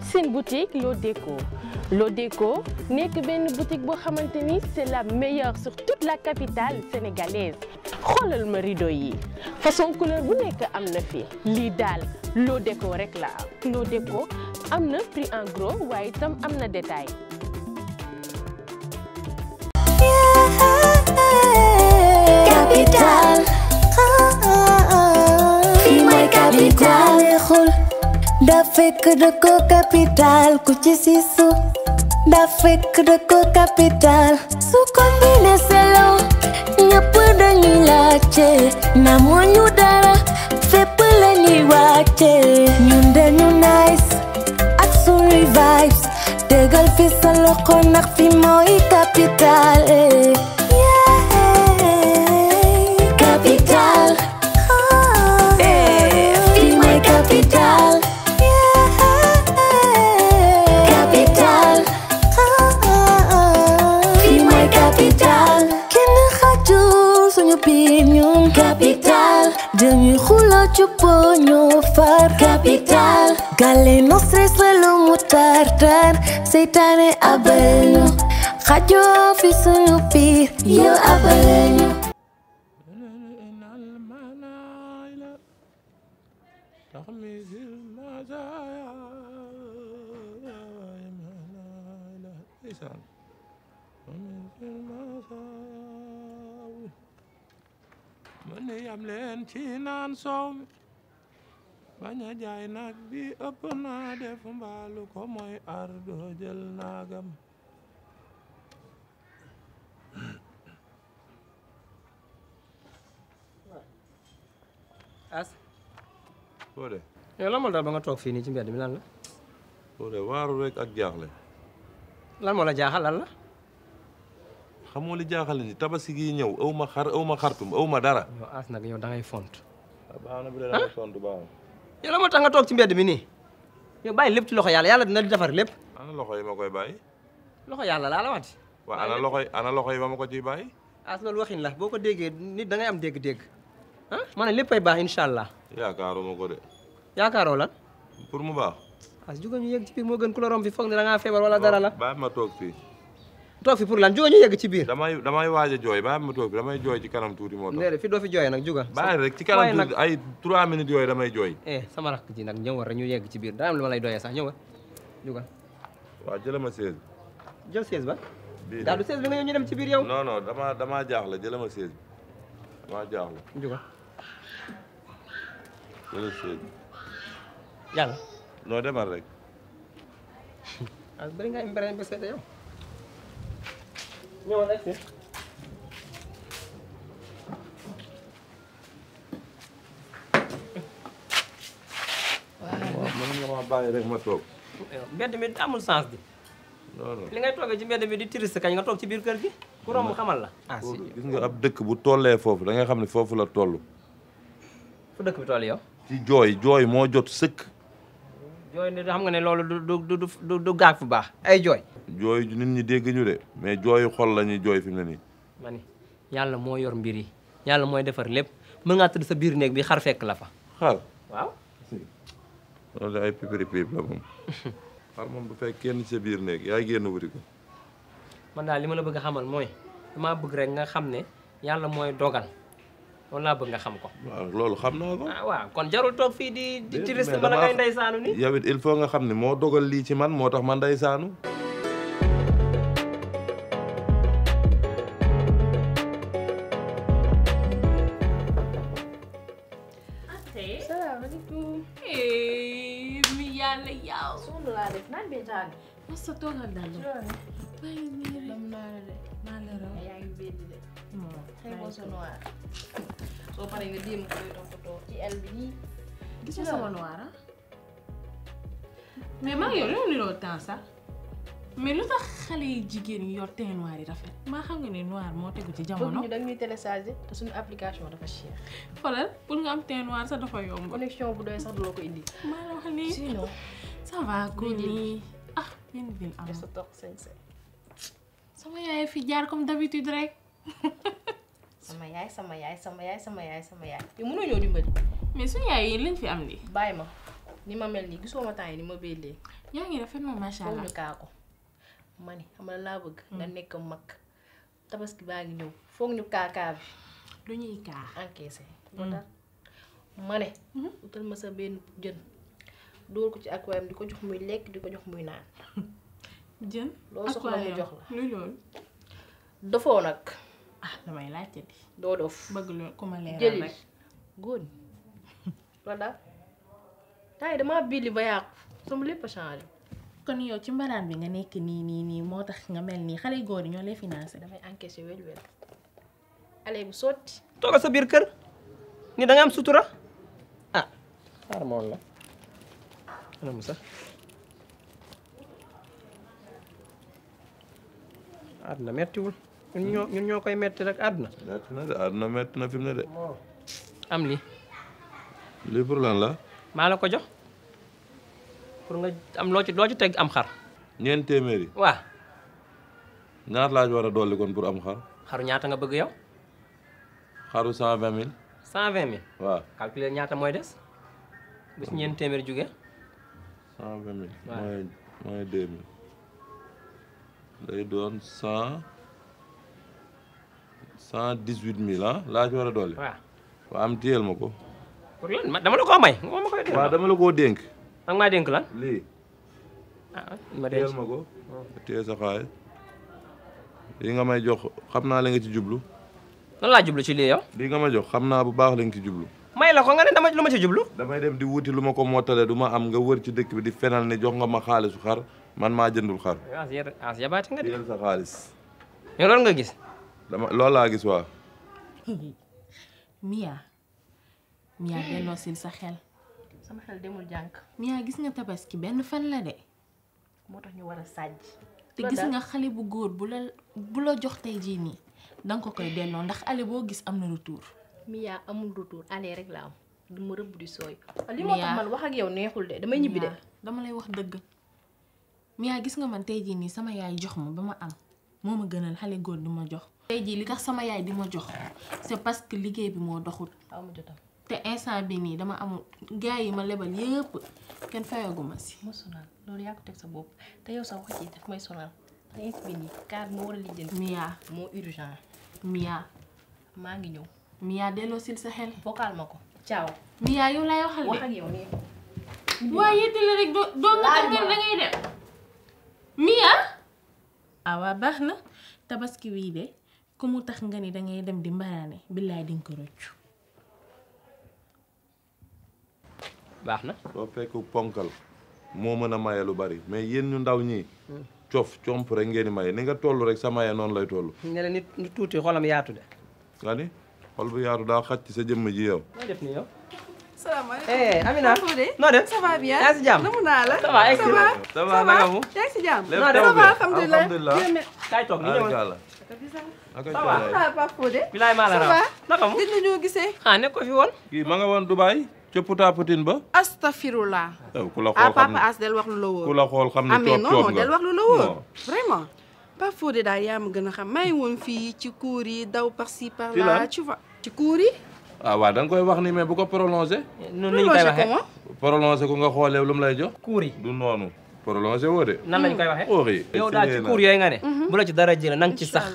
C'est une boutique Lodeco Lodeco nekk une boutique boo xamante c'est la meilleure sur toute la capitale sénégalaise xoolal ma rideau yi façon couleur bu nekk am na fi lii daal Lodeco rek la am Lodeco un prix en gros waaye itam am détail. Da fecură ko capital Cu ce sisu su Da fecură ko capital Su combine să lau Nya până ni la ce Na mo nyudara Fe până ni nu Nyunde nyu nice Axun revives gal fi să loconac fi moi capital eh. gàlle nostre solo mu tartar seytaane abaleñu xajoo fi sunu biir yow abaleñu man ne yam leen ci naan soow mi Banyak jay nak naag bi ëpp naa def mbaalu ko ardo jël nagam. as Fodé ya lan moo ba nga toog fii nii ci mbedd mi lan la Fodé waaru rek ak jaaxle lan moo la jaaxal lan la xamoo li jaaxal ni tabaski gi ñëw xar dara as nag yow da ngay font baax bi la font yalla mo tanga tok ci mbedd mi ni yow ya, bàyyi lepp ci loxo yalla yalla dina defar lepp ana loxo yi makoy koy loxo yalla la la wat wa ana loxo ana loxo yi bama lah, ko ci bàyyi. as loolu waxin la boko dege nit da ngay am deg dégg ah. ma ne bax inshallah de. yaakaaroo lan. pour mu bax as juga ñu yegg ci biir moo gën ku la romb fi foog ne da nga febar wala dara la. ma tok fi tok fi pour lan jógal yegg ci bir damay damay waaj joy ba bàyyi ma toog damay joy ci kanam touti mo tax déedéet fi do fi joy nak juga ba rek ci kanam touti ay 3 minutes joy damay joy eh sama rak ji nak ñew rek ñu yegg ci bir dama am lu ma lay doyee sax ñëwal jógal waaw jëlama 16 jël 16 ba daa du bi nga ñu dem ci bir yow non non dama damaa jaaxle jëlama 16 bi damaa la juga jël 16 yalla no demal rek ah bari nga imbéré ba yow ñëwal ak si waaw mën nga ma bàyyi rek ma toog mbedd mi amul sens bi li ngay toogee ci mbedd mi di touriste kañ nga toog ci biir kër gi ku romb xamal la ah si gis nga ab dëkk bu tollee foofu da nga xam ne foofu la toll fu dëkk bi toll yow ci jooy jooy moo jot sëkk Joy, ne xam nga ne loolu du du du du du fu baax ay Joy, jooy nit ñi dégg ñu Joy, mais joy xol la joy fi mu ne nii. ma yor mbir yi yàlla mooy defar lépp mën ngaa tëdd sa biir néeg bi xar fekk la fa. xar waaw. loolu ay pipiri pip la moom. xar moom bu fekk kenn sa ko. man li ma la bëgg xamal bëgg rek nga dogal on laa bëgg nga xam ko. waaw loolu xam naa ko. ah waaw kon jarul toog fii di di touriste man ngay ndeysaanu ni yow it il faut nga xam ne moo dogal lii ci man moo tax ma ndeysaanu. asalaamaaleykum. もう最後そのはそうパレンが DM こういうこと GLB に gis nga sama noir ah mais maa ngi yor yow niroo temps sax mais lu tax xale yi jigéen yi yor teint noir yi rafet maa xam nga ne noir moo tegu ci jamono ñu dañuy télécharger te suñu application dafa cher xoolal pour nga am teint noir sax dafa yomb connexion bu doy sax du la ko indi maa la wax nii sinon ça va ah benn ville am sa toog sañ sama yaay fi jaar comme d'habitude rek sama yaay sama yaay sama yaay sama yaay sama yaay yow mënoo ñëw dimbali. mais suñu yaay yi liñ fi am nii. bàyyi ma ni ma mel nii gisoo ma temps ni ma béylee. yaa ngi rafet moom macha allah ñu kaa ma ne xam laa bëgg. nga nekk mag tabaski baa ngi ñëw foog ñu kaa kaa bi. lu ñuy kaa encaissé. ma ne. utal ma sa benn jën. dóor ko ci di ko jox muy lekk di ko jox muy naan. jën. loo soxla mu jox la loolu. dafoo nag. ah damay laajte di. doo dof bëgg lu ku ma leeral rek góor loolu daal temps yi damaa biili ba yàqu sama lépp a changé. kon yow ci mbaraan bi nga nekk nii nii nii moo tax nga mel nii xale góor yi ñoo lay financé. damay encaissé wel-wel. allé bu sotti. toogal sa biir kër ni da am sutura ah. xaaral ma la ana Musa àdduna mettiwul. ñun ñoo koy metti rek àdduna. metti na de na de. am lii. lii pour lan la. maa la ko jox pour loo ci loo ci teg am xar. ñeent téeméeri. waaw. ñaata laa ci war a dolli kon pour am xar. xaru ñaata nga bëgg yow. xaru cent vingt mille. cent vingt mille. waaw calculer ñaata mooy des. bu si ñeent téeméeri cent vingt mille. waaw mooy mooy deux doon cent. 118000 ah laa ci war a dolli. am téyel ma pour lan dama may. dama ak lan. lii. ah ma denc téyel ma ko. Oh. sa xaalis lii nga may jox xam la nga ci jublu. lan laa jublu ci lii yow. lii nga ma jox bu baax la nga ci may la ko nga ne dama ci damay dem di wuti lu ko mottale am nga wër ci bi di fenal ne jox nga ma xaalisu xar man maa jëndul xar. as yabaate ya nga de. sa nga gis. dama loolu laa gis waaw. Mia delloo sin sa xel. sama xel demul jànk. Mia gis nga tabaski benn fan la de. moo tax ñu war a sàjj. te gis nga xale bu góor bu la bu la jox tey jii nii danga ko koy delloo ndax ale boo gis am na retour. Mia amul retour ale rek la am du ma rëbb di sooy. li wax ak yow neexul de damay ñibbi dama lay wax dëgg. Mia gis nga man tey jii nii sama yaay jox ma ba ma am moo ma gënal xale góor du ma jox. tey jii li tax sama yaay di ma jox c'est parce que liguey bi moo doxul té instant bi ni dama amul gaay yi ma lebal yépp ken fayaguma si musuna sonal yak tek sa bop té yow sa wax ji may sonal ndax bi ni car mo wara a Mia mo urgent Mia ma ngi ñew Mia délo sil sa xel vocal mako ciao Mia yow lay waxal wax ak yow nii waaye yettale rek do nga xam ne ngay def Mia awa waa tabaski wi de kumu tax nga ni da ngay dem di mbaane billahi di ko roccu baxna na fekk ponkal mo meuna maye lu bari mais yeen ñu ndaw ñi ciof ciomp rek ngeen maye ni nga tollu rek sa maye non lay tollu ne la nit ñu tuti xolam yaatu de gani xol bu yaatu da xacc ci sa jëm ji yow noo def ni yow salaamaaleykum eh Amina noo ça va bien yaa si jàmm namu naa la ça va excellent ça va naka mu yaa si jàmm noo def ça va Ah, bilaay maa la raw naka mu gëj ñoo gisee ah nekk ko ba ku la ah, xool papa as del wax lu la wóor ku la xool xam ne coop ah, coop nga vraiment Pape Fodé daal yaa gën a may woon fii ci cours yi daw par ci par là tu vois ci cours yi ah da koy wax ni mais bu ko prolongé noonu lañ koy waxee prolongé ko nga xoolee lu mu lay jox cours yi du noonu prolongé woo de. nan lañ koy waxee oor yow daal ci cours yooyu nga ne. Mhm. bu la ci dara jëlee na ci sax.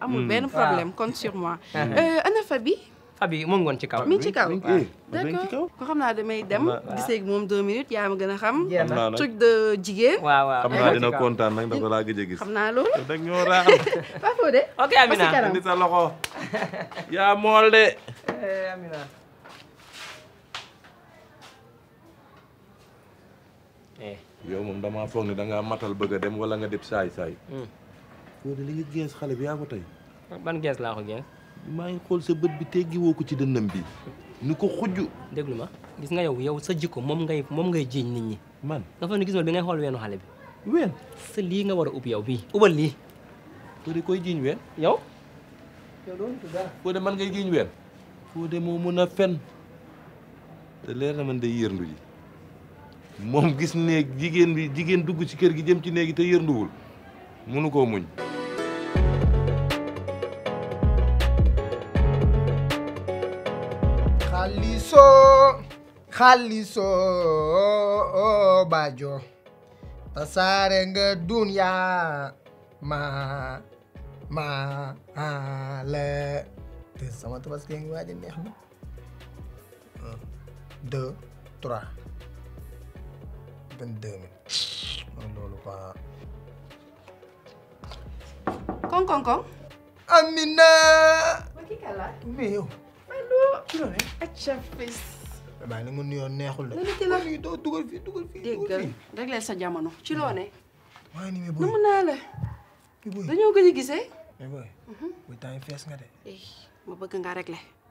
amul problème sur moi. Ah. Eh, ana Fabi. Fabi mu ngi ci kaw. mi ci kaw ah. d'accord ko dem. gisee moom deux minutes ya, ma gën xam. truc de jigéen. waaw dina kontaan nag dafa laa gëj a gis. xam naa loolu. dag ñoo raam. Fafo de. ok Amina sa loxo. Eh, Amina. eh yow mom dama fogné da nga matal bëgg dem wala nga def say saay Fodé hmm. li nga gess xalé bi yaa tay ban gess la ko gees. ma ngi xol sa bëtt bi téggi ko ci dënnam bi. ni ko xujju. gis nga yow yow sa jikko mom ngay mom ngay nit ñi. man nga fañu gis nga bi ngay xol wénu xalé bi. wén sa li nga wara upp yow bi ubal ko di koy jiiñ wén yow. yow tu da ko Fodé man ngay jiiñ wén ko mo mëna fen. te leer na man day yërndu ji mom gis néeg jigéen bi jigéen dugg ci kër gi jëm ci néegi te yërnduwul munu koo muñ xaliso xaliso bajo tasaare nga dunya ma ma ale te sama tabaski ngi wadi neex na un deux trois Kong kong kong, Amina. ma kii kan la. mais yow. allo. ci la ne. acca fés. ni mu nuyoo neexul la. tu la doo doo dugal fii dugal fii. déggal réglé sa jamono ci loo ne. ni ngi nii booy numu naa la. dañoo gëj bu nga eh ma bëgg nga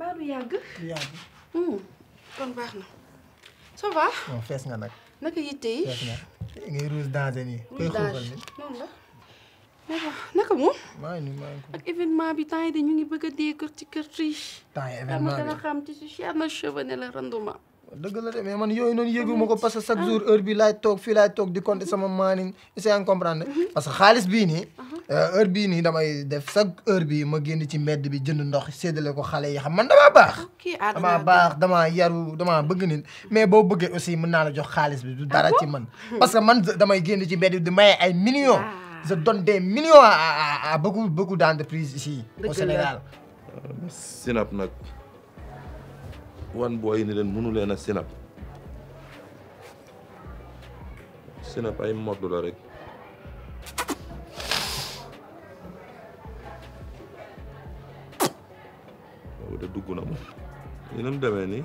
baa du yàgg. du hmm. baax na ça va. nga nag. naka yitte yi fees nga. ngay rouge danger nii. rouge danger noonu la. naka moom. maa ngi nii maa ngi ko. ak bi temps yi de ñu ngi bëgg a dee kër ci kër ci. temps yi la bi dama gën a xam ci si cher na cheveux ne la rendement. dëgg la de mais man yooyu noonu yëguma ko parce que chaque jour heure bi laay toog fii laay toog di compter sama maani essayer en comprendre mhm. parce que xaalis bii nii uh-huh. euh, heure bii nii damay def chaque heure bi ma génn ci mbedd bi jënd ndox séddale ko xale yi xam man damaa baax ah, damaa baax damaa yaru damaa bëgg nit mais boo bëggee aussi mën naa la jox xaalis bi du ah dara ci man parce que man damay génn ci mbedd bi di maye ay millions ah. je donne des millions à à à beaucoup beaucoup d'entreprises ici au Sénégal euh, Sinap nag wan booy ni leen mënu leen a sinap sinap ay modd la rek loolu de dugg na moom ni mu demee nii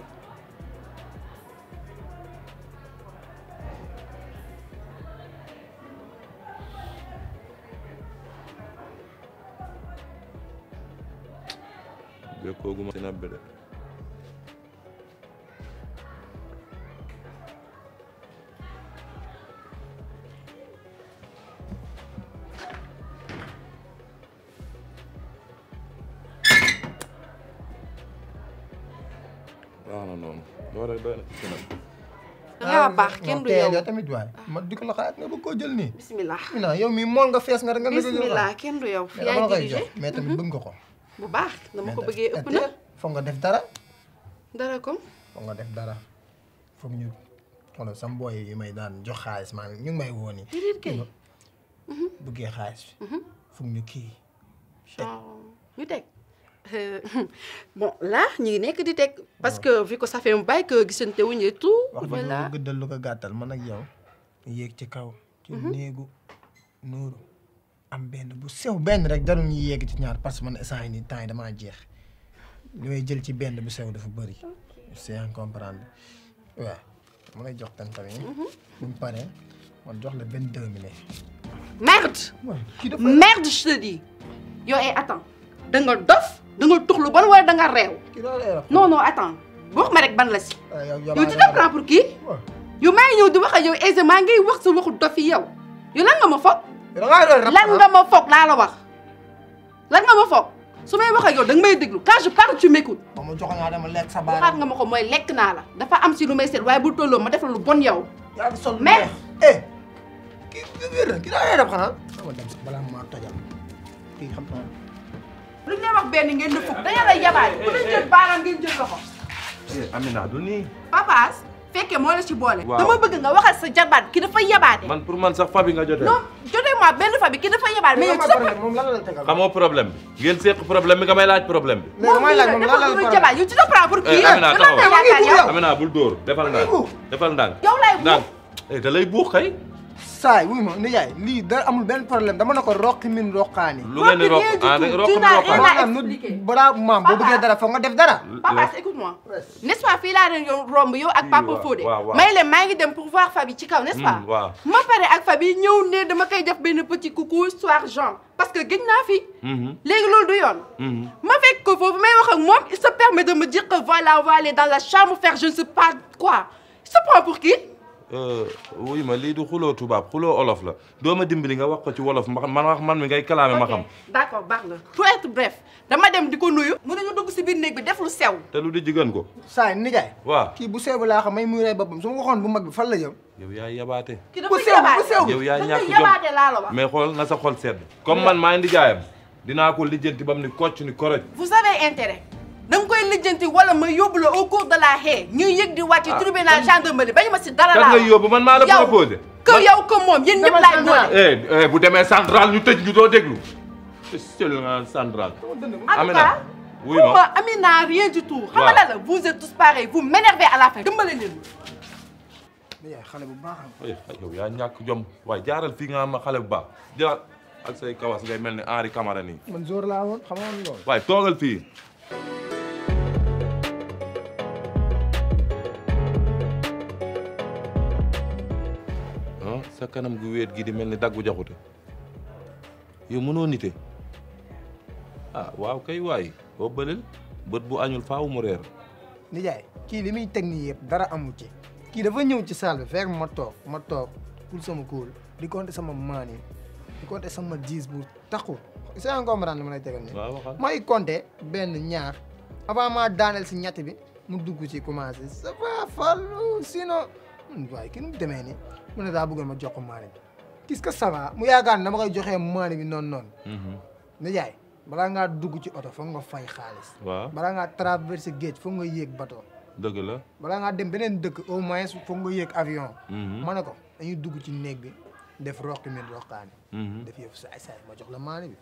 noonu loolu rek doy na ah, baax kenn du yow tamit waay man di ko la xaat nga bëgg koo jël nii. bismillah bismillah yow mi mool nga fees nga rek nga. bismillah kenn du yow yaay dirigé mais tamit mhm. ko. bu baax dama ko bëggee ëpp na. Eh, foog nga def dara. dara comme. foog nga def dara foog ñu xoolal sam yi may daan jox xaalis maanaam ñu ngi may woo nii. déedéet kay. Mhm. bëggee mhm. kii. Euh, bon là ñu nek di tek parce que vu que ça fait un bail que gisante wuñ et tout. voilà wax guddal lu ko gatal man ak yow. yéeg ci kaw. ci mhm. néegu nuuru. am benn bu sew benn rek jarul ñuy yéeg ci ñaar parce que man instant ni temps dama damaa jeex li may jël ci benn bu sew dafa bëri. c'est à comprendre waaw. ma lay jox tan tamit. bu mu paree man jox le benn deux merde. merde je te dis. yow ay eh, attends da nga dof. da nga lu bon wala da nga réew. non non attends wax ma rek ban la si. Ah, yow tu te prends pour kii. yow maa ngi di wax ak yow aisément ngay wax sa waxu dof yow yow lan nga ma foog. lan ah? nga ma foog laa la wax. lan nga ma foog su may wax ak yow da may déglu quand je parle tu m'écoutes. ma jox naa dama lekk sa baaraam waxaat mooy lekk naa la. am si lu may seet waaye bu tolloo ma def lu bon yow. yaa ngi sol mais eh. lu ñu wax benn ngeen di fukk da ngeen a yabaat ku leen jël baaraam ngeen jël loxo. Eh, Amina du nii. papaas fekkee moo la ci boole. dama bëgg nga waxal sa jabaat ki dafa yabaate. pour man sax fa bi nga jotee. non jotee ma fa bi ki dafa yabaate. mais yow ci sa problème moom lan la tegal. xamoo problème bi ngeen seq problème bi nga may laaj problème bi. mais damay laaj moom lan la problème bi yow ci sa problème pour kii. Eh, Amina taxawal Amina bul dóor defal ndànk defal ndànk. yow lay buux eh, lay buux kay. saay wuy ma nijaay lii dara amul ben problème dama na ko roqi min roqaani. lu ngeen di roq ah rek roq min roqaani maanaam nu balaa maam boo bëggee dara foog nga def dara. papa écoute moi n'est-ce pas fii laa leen romb yow ak papa Fodé. may leen maa dem pour voir Fabi ci kaw n'est-ce mm, pas. ma pare ak Fabi ñëw ne dama koy def ben petit coucou soir Jean parce que gëj naa fi. Mm-hmm. léegi loolu du yoon. Mm-hmm. ma fekk ko foofu may wax ak moom il se permet de me dire que voilà on va aller dans la chambre faire je ne sais pas quoi il se prend pour qui. Euh, wuy ma lii du xuloo tubaab xuloo olof la doo ma dimbali nga wax ko ci wolof man wax man mi ngay kalaame ma xam. d'accord baax na pour être bref dama dem di ko nuyu. mënuñu dugg si biir néeg bi def lu sew. te lu di jigéen ko. saa yi nijaay. waaw kii bu sew bi laa xam may muy rey boppam su ma waxoon bu mag bi fan la jëm. yow yaa sew bu sew yow yaa ñàkk la wax. mais xool na sa xol sedd. comme man maa indi jaayam dinaa ko lijjanti bam ni kocc ni koroj. vous avez intérêt. dang koy lijjanti wala ma yóbbu la au cours de la haie ñuy yëg di wàcc tribunal gendarmerie bañu ma si dara laa kan nga yóbbu man maa la proposé que yow que moom yéen ñëpp laay boole bu demee central ñu tëj ñu doo déglu seul nga central amina oui ma amina rien du tout xamala la vous êtes tous pareils vous m'énervez à la fin dëmbale leen mais yaay bu baax eh, yow yaa ñàkk jom waaye jaaral fii nga am xale bu baax jaar ak say kawas ngay mel ni Camara nii man jour laa woon xamoon loolu waaye toogal fii sa kanam gu wéet gi di mel ni daggu jaxute yow mënoo nite ah waaw kay waay boo bëleel bët bu añul faaw mu reer nijaay kii li muy teg yëpp dara amu ci kii dafa ñëw ci salle bi fekk ma toog ma toog sama kóol di compter sama maan yi di sama diis bu taxu c'est encore ma daan li ma lay tegal nii may compter benn ñaar avant ma daaneel si ñett bi mu dugg ci commencé ça va fallu sinon waaye kenn mu demee nii mu ne daa bëggoon ma jox ko maane bi gis ko sama mu yaakaar ne dama koy joxee maane bi noonu noonu. Mhm. na jaay balaa ngaa dugg ci oto foog nga fay xaalis. waaw balaa ngaa traversé géej foog nga yéeg bateau. dëgg la balaa ngaa dem beneen dëkk au moins foog nga yéeg avion. Mhm. ma ne ko dañuy dugg ci néeg bi def roq mi roqaani. Mhm. def yëf saay saay ma jox la maane bi.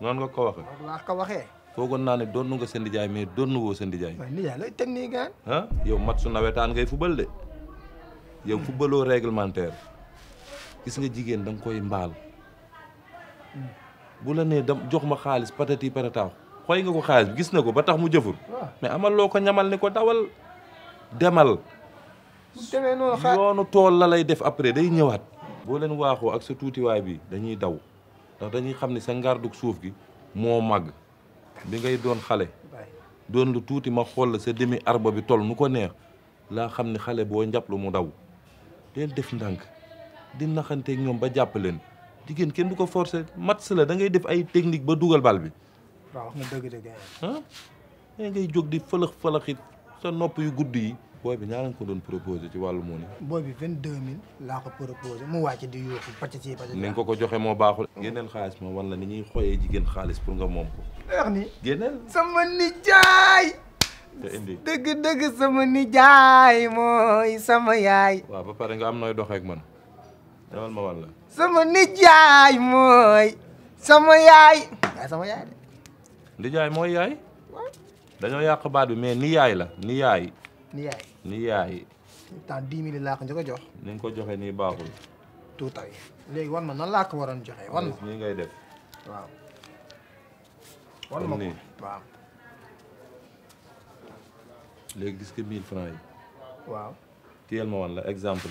noonu nga ko waxee. noonu laa ko waxee. foogoon naa ne doonu nga seen nijaay mais doonu woo seen nijaay. waaw nijaay lay teg nii gaan. ah yow mat su nawetaan ngay yow footballoo réglementaire gis nga jigéen danga koy mbaal bu la nee dam jox ma xaalis patati patataaw xoy nga ko xaalis gis na ko ba tax mu jëfur mais amal loo ko ñamal ni ko dawal demal yoonu tool la lay def après day ñëwaat boo leen waaxoo ak sa tuutiwaay bi dañuy daw ndax dañuy xam ne sa ngarduk suuf gi moo màgg bi ngay doon xale doon lu tuuti ma xool sa demi arba bi tol nu ko neex laa xam ne xale boo njàpp mu daw de def ndànk di naxanteeg ñoom ba jàpp leen jigéen kenn du ko forcer match la da ngay def ay technique ba dugal bal bi. waaw wax nga dëgg de ah ngay jóg di fëlëx fëlëxit sa nopp yu gudd yi. booy yi ñaa lañ ko doon proposé ci wàllu moom. booy bi vingt deux mille laa ko proposé mu wàcc di yóoxu pàcc ci pàcc. ni nga ko ko joxe moo baaxul. génneel xaalis ma wan la ni ñuy xooyee jigéen xaalis pour nga moom ko. wax ni génneel. sama nijaay. dëgg dëgg sama nijaay mooy sama yaay. waaw ba pare nga am nooy doxeek man demal ma wàll. sama nijaay mooy sama yaay. waaw sama yaay nijaay mooy yaay. dañoo yàq baat bi mais ni yaay la ni yaay. ni yaay ni yaay. tant dix mille laa ko njëkk a jox. ni ko joxe nii baaxul. tuuta yi léegi wan ma nan laa ko waroon joxe wan ma. ngay def. waaw. léegi gis nga 1000 francs yi. waaw. téyel ma woon la exemple.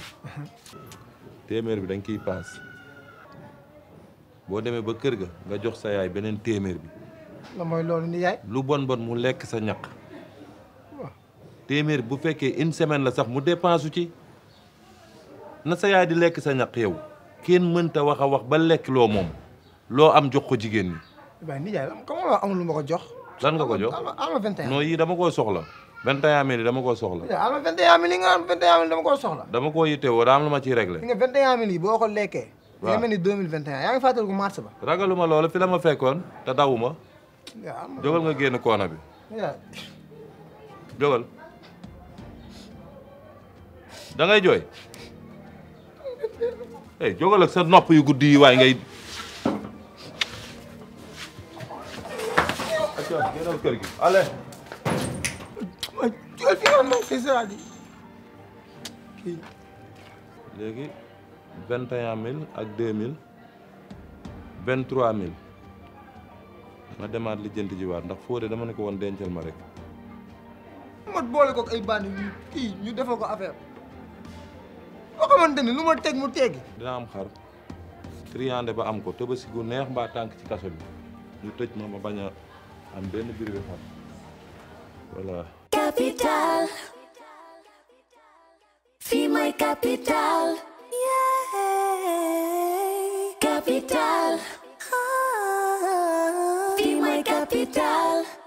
téeméer bi da nga kiy paas boo demee ba kër ga nga jox sa yaay beneen téeméer bi. la mooy ni lu bon bon mu lekk sa ñaq. téeméer bu fekkee une semaine la sax mu dépense ci na sa yaay di lekk sa ñaq yow kenn mënta wax a wax ba lekk loo moom loo am jox ko jigéen ñi. waaye ni yaay la lu ma ko jox. lan ko jox am yii dama koy soxla. 21 mille dama koo soxla. Eh, am na 21 mille yi dama koo soxla. dama koo yittewoo daa am lu ma ciy réglé. nga 21 mille yi boo ko lekkee. waaw nga mel ni 2021 yaa ngi fàttaliku mars ba. ragaluma loolu fi la ma fekkoon te dawuma. waaw jógal nga génn koona bi. jógal da ngay jooy. Eh, ak sa nopp yu guddi yi waaye ngay. jual finalement c'est ça di kii léegi vingt et un mille ak deux mille vingt trois mille ma demaat li jënd ji waat ndax Fodé dama ne ko woon dencal ma rek mot boole ko ay bandi yu kii ñu defal ko affaire boo xamante ni lu ma teg mu teggi dina am xar triande ba am ko tëbasi gu neex mbaa tànk ci kaso bi ñu tëj ma ma bañ am benn biir bi xar voilà capital. Feel my capital. Yeah. Capital. Oh. Feel my capital.